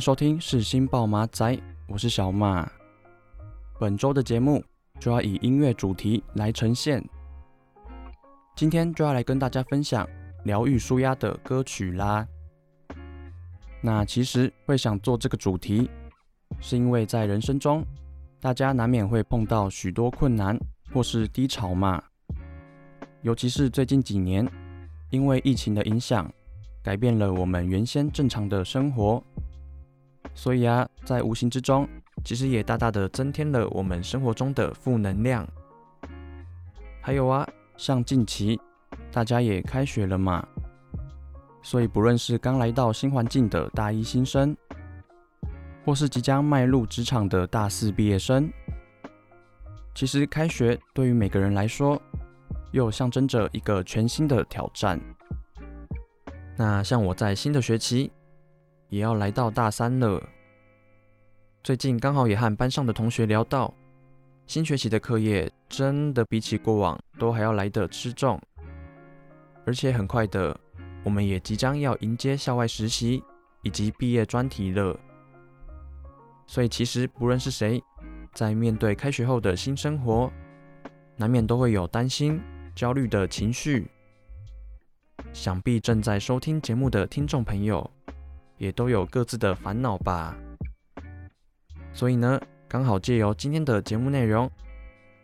收聽是新報馬仔，我是小馬。本周的節目就要以音樂主題來呈現。今天就要來跟大家分享療癒舒壓的歌曲啦。那其實會想做這個主題，是因為在人生中，大家難免會碰到許多困難或是低潮嘛。尤其是最近幾年，因為疫情的影響，改變了我們原先正常的生活。所以啊，在無形之中，其實也大大的增添了我們生活中的負能量。還有啊，像近期，大家也開學了嘛，所以不論是剛來到新環境的大一新生，或是即將邁入職場的大四畢業生，其實開學對於每個人來說，又象徵着一個全新的挑戰。那像我在新的學期，也要來到大三了。最近剛好也和班上的同學聊到，新學期的課業真的比起過往都還要來得吃重，而且很快的，我們也即將要迎接校外實習以及畢業專題了。所以其實不論是誰，在面對開學後的新生活，難免都會有擔心、焦慮的情緒。想必正在收聽節目的聽眾朋友，也都有各自的煩惱吧，所以呢，剛好借由今天的節目內容，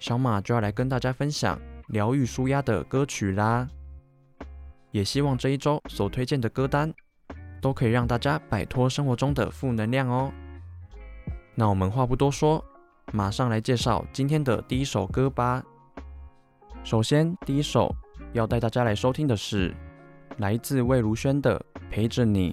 小馬就要來跟大家分享療癒紓壓的歌曲啦。也希望這一周所推薦的歌單都可以讓大家擺脫生活中的負能量哦。那我們話不多說，馬上來介紹今天的第一首歌吧。首先，第一首要帶大家來收聽的是來自魏如萱的《陪着你》。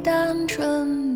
單純。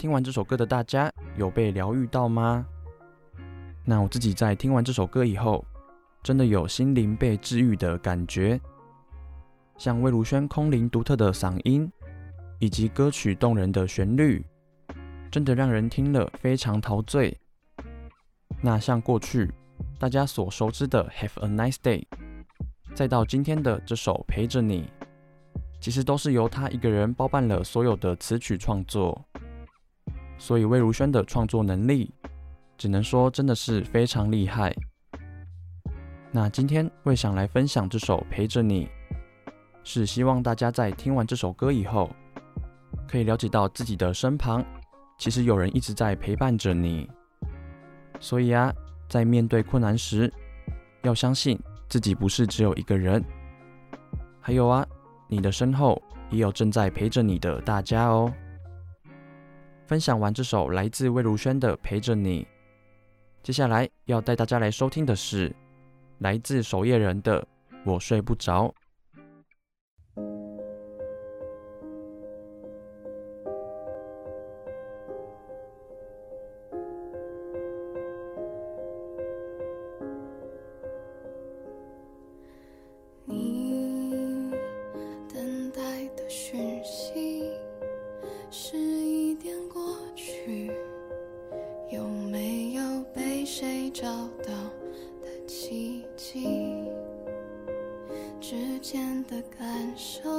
聽完這首歌的大家有被療癒到嗎？那我自己在聽完這首歌以後，真的有心靈被治癒的感覺。像魏如萱空靈獨特的嗓音，以及歌曲動人的旋律，真的讓人聽了非常陶醉。那像過去大家所熟知的《Have a Nice Day》，再到今天的這首《陪着你》，其實都是由她一個人包辦了所有的詞曲創作。所以魏如萱的創作能力，只能說真的是非常厲害。那今天會想來分享這首《陪着你》，是希望大家在聽完這首歌以後，可以了解到自己的身旁，其實有人一直在陪伴着你。所以啊，在面對困難時，要相信自己不是只有一個人，還有啊，你的身後也有正在陪着你的大家哦。分享完這首來自魏如萱的《陪着你》，接下來要帶大家來收聽的是來自守夜人的《我睡不着》。找到的奇蹟，之間的感受。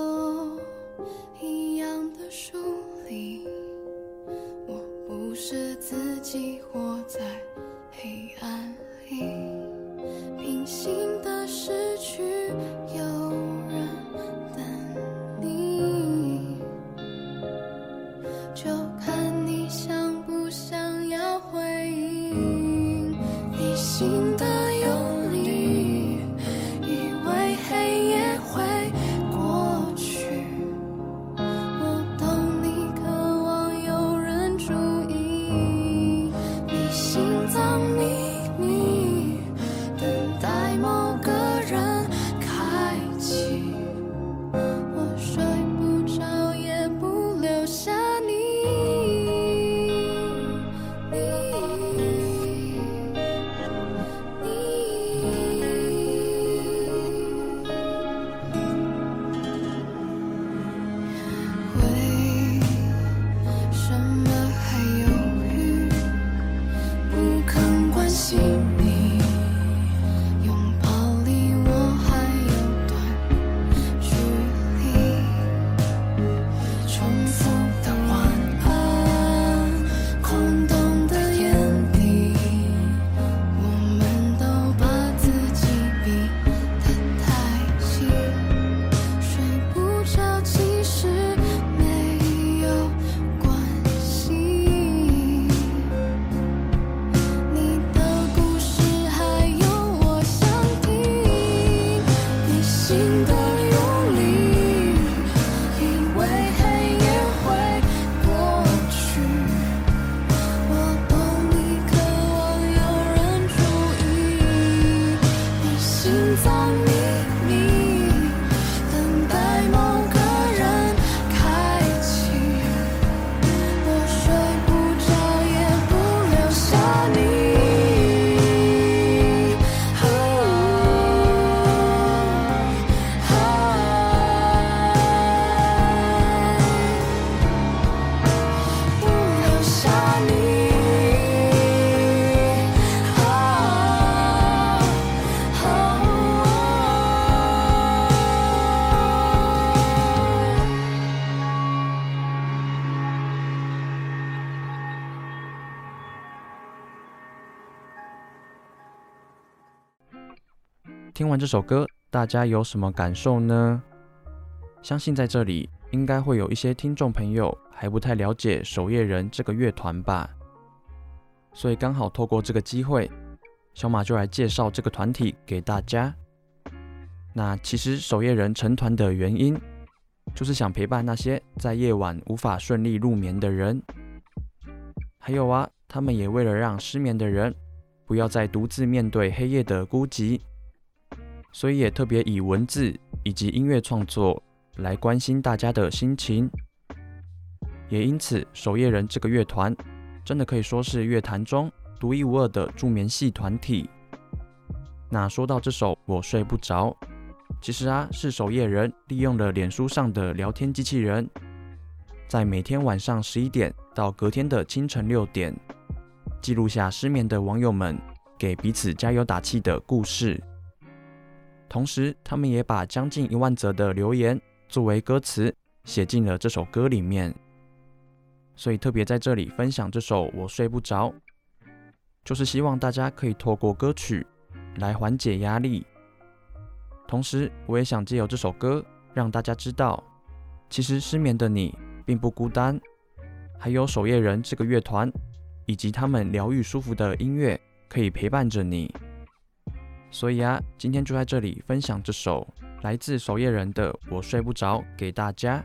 聽完這首歌，大家有什麼感受呢？相信在這裡應該會有一些聽眾朋友還不太了解守夜人這個樂團吧，所以剛好透過這個機會，小馬就來介紹這個團體給大家。那其實守夜人成團的原因，就是想陪伴那些在夜晚無法順利入眠的人，還有啊，他們也為了讓失眠的人不要再獨自面對黑夜的孤寂。所以也特別以文字以及音樂創作來關心大家的心情，也因此，守夜人這個樂團真的可以說是樂壇中獨一無二的助眠系團體。那說到這首《我睡不着》，其實啊，是守夜人利用了臉書上的聊天機器人，在每天晚上十一點到隔天的清晨六點，記錄下失眠的網友們給彼此加油打氣的故事。同時，他們也把將近一萬則的留言作為歌詞寫進了這首歌裡面。所以，特別在這裡分享這首《我睡不着》，就是希望大家可以透過歌曲來緩解壓力。同時，我也想借由這首歌讓大家知道，其實失眠的你並不孤單，還有守夜人這個樂團以及他們療癒舒服的音樂可以陪伴着你。所以啊，今天就在這裡分享這首來自守夜人的《我睡不着》給大家。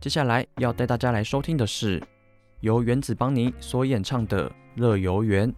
接下來要帶大家來收聽的是由原子邦妮所演唱的《樂遊原》。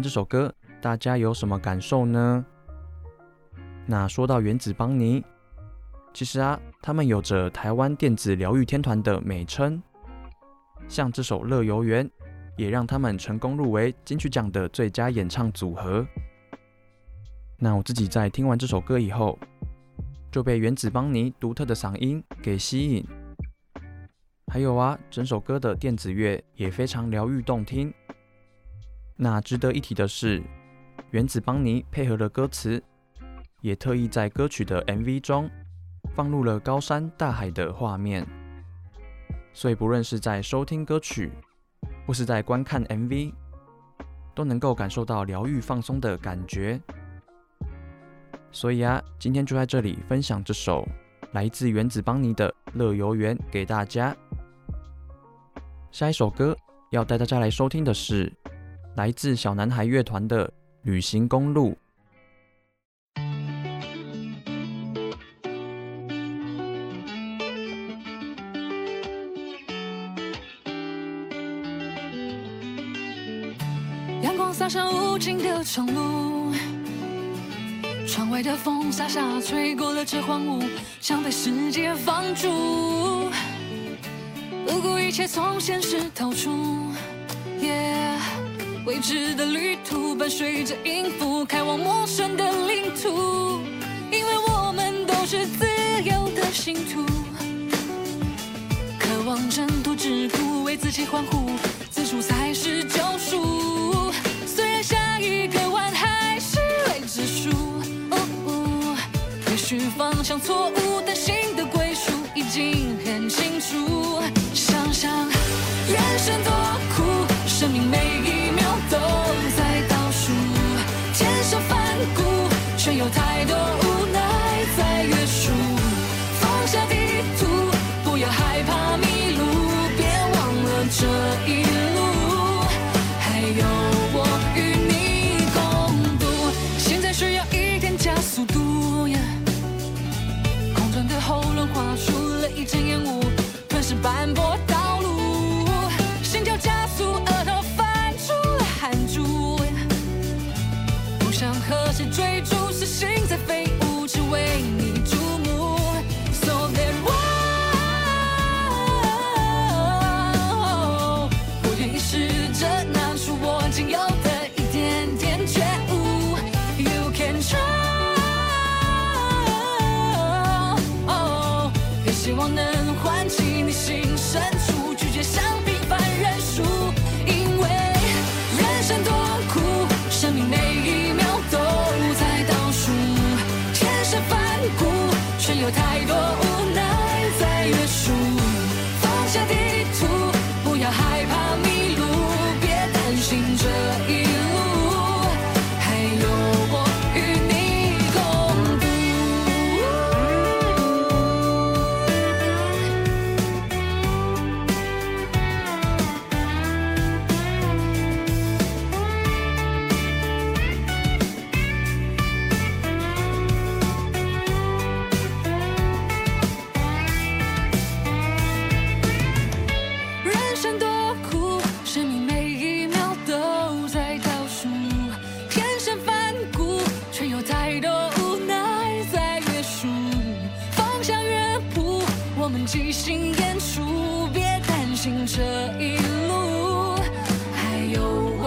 這首歌大家有什麼感受呢？那說到原子邦妮，其實啊，他們有着“台灣電子療癒天團”的美稱。像這首《樂遊原》，也讓他們成功入圍金曲獎的最佳演唱組合。那我自己在聽完這首歌以後，就被原子邦妮獨特的嗓音給吸引。還有啊，整首歌的電子樂也非常療癒動聽。那值得一提的是，原子邦妮配合了歌詞，也特意在歌曲的 MV 中放入了高山大海的畫面，所以不論是在收聽歌曲，或是在觀看 MV，都能夠感受到療癒放鬆的感覺。所以啊，今天就在這裡分享這首來自原子邦妮的《樂遊原》給大家。下一首歌要帶大家來收聽的是，來自小男孩樂團的《旅行公路》，陽光灑上無盡的長路，窗外的風沙沙吹過了這荒蕪，像被世界放逐，不顧一切從現實逃出。未知的旅途伴隨着音符，開往陌生的領土。因為我們都是自由的信徒，渴望掙脫桎梏，為自己歡呼，此處才是救贖。雖然下一個彎還是未知數，喔喔，也許方向錯誤，但心的歸屬已經很清楚。想象，人生。能喚起你心聲。即興演出，別擔心，這一路還有。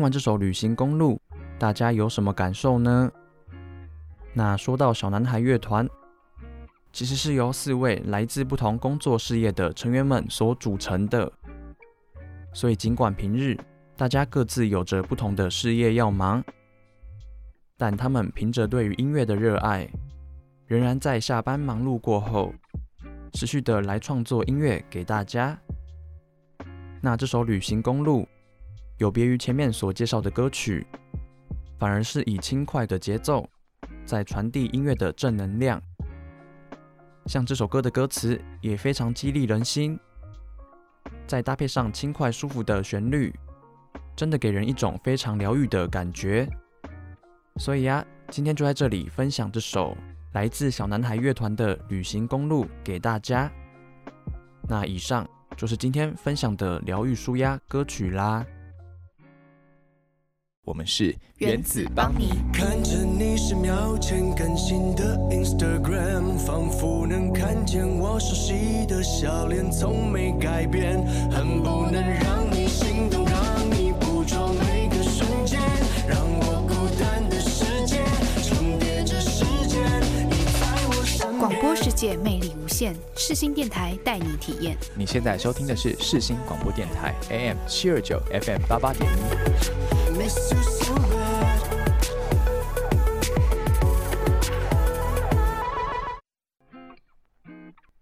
聽完這首《旅行公路》，大家有什麼感受呢？那說到小男孩樂團，其實是由四位來自不同工作事業的成員們所組成的。所以儘管平日大家各自有着不同的事業要忙，但他們憑着對於音樂的熱愛，仍然在下班忙碌過後，持續地來創作音樂給大家。那這首《旅行公路》，有別於前面所介紹的歌曲，反而是以輕快的節奏在傳遞音樂的正能量。像這首歌的歌詞也非常激勵人心，再搭配上輕快舒服的旋律，真的給人一種非常療癒的感覺。所以呀、啊，今天就在這裡分享這首來自小男孩樂團的《旅行公路》給大家。那以上就是今天分享的療癒紓壓歌曲啦。我們是原子邦妮。看着你十秒前更新的 Instagram，仿佛能看見我熟悉的笑臉，從沒改變。恨不能讓你心動，讓你捕捉每個瞬間，讓我孤單的世界重疊着世界，你在我身邊。廣播世界魅力無限，世新電台帶你體驗。你現在收聽的是世新廣播電台，AM 七二九，FM 八八點一。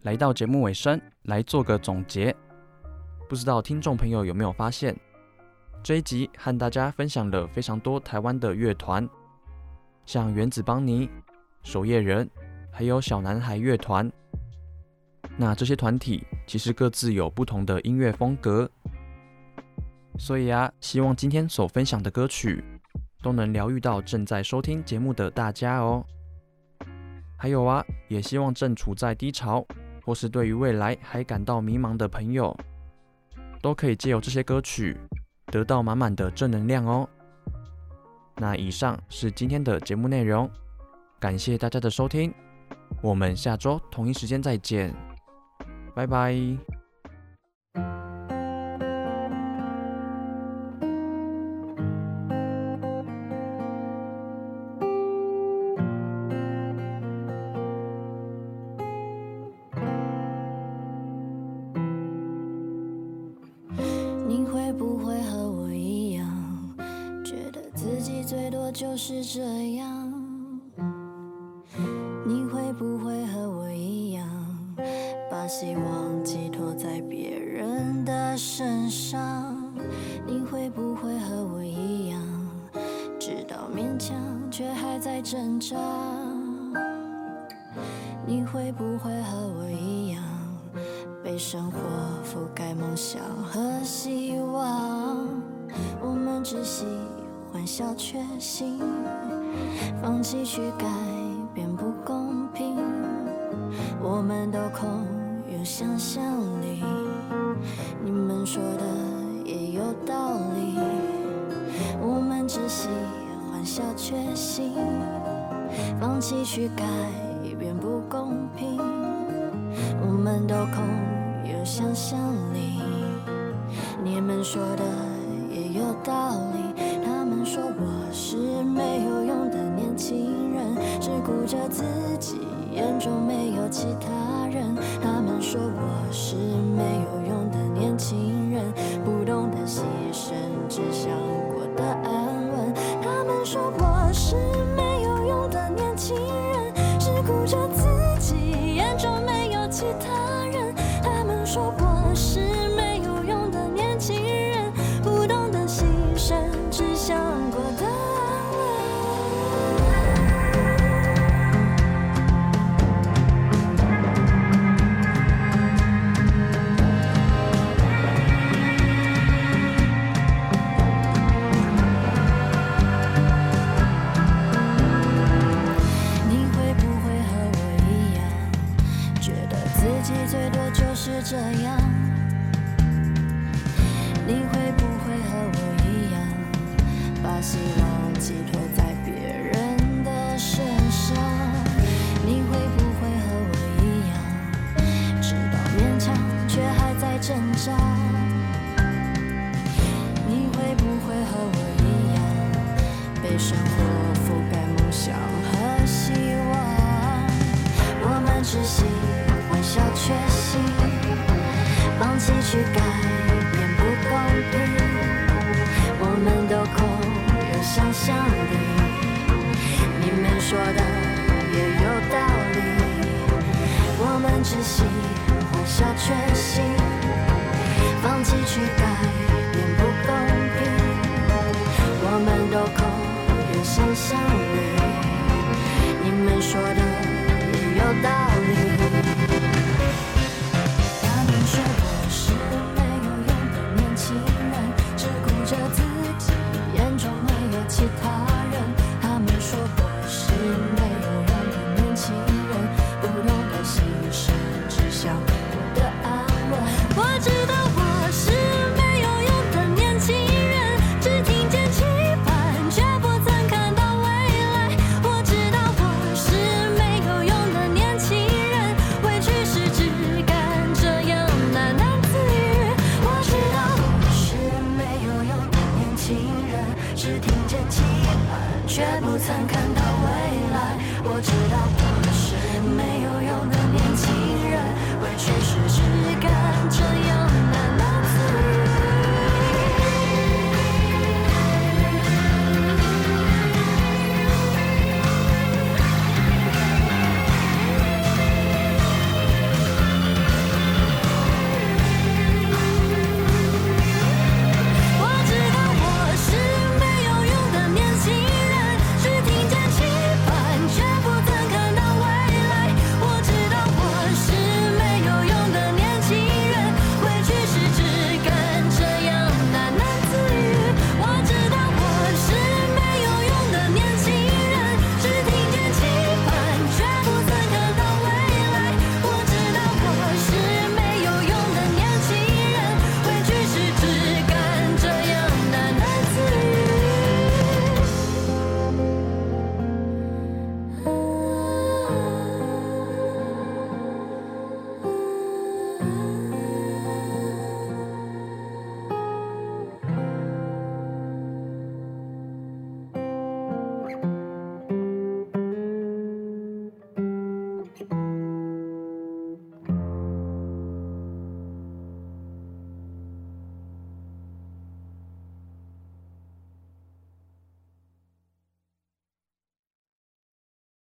來到節目尾聲，來做個總結。不知道聽眾朋友有沒有發現，這一集和大家分享了非常多台灣的樂團，像原子邦妮、守夜人，還有小男孩樂團。那這些團體其實各自有不同的音樂風格。所以啊，希望今天所分享的歌曲都能療癒到正在收聽節目的大家哦。還有啊，也希望正處在低潮或是對於未來還感到迷茫的朋友，都可以借由這些歌曲得到滿滿的正能量哦。那以上是今天的節目內容，感謝大家的收聽，我們下週同一時間再見，拜拜。你會不會和我一樣，被生活覆蓋夢想和希望？我們只喜歡小確幸，放棄去改變，不公平。我們都空有想象力，你們說的也有道理。我們只喜歡小確幸，放棄去改。公平，我們都空有想象力。你們說的也有道理，他們說我是沒有用的年輕人，只顧着自己，眼中沒有其他人。他們說我是沒有用的年輕人，不懂得犧牲，只想過得愛。生活覆蓋夢想和希望，我們只喜歡小確幸，放棄去改變不公平，我們都空有想象力，你們說的也有道理，我們只喜歡小確幸，放棄去改。你們說的有道理。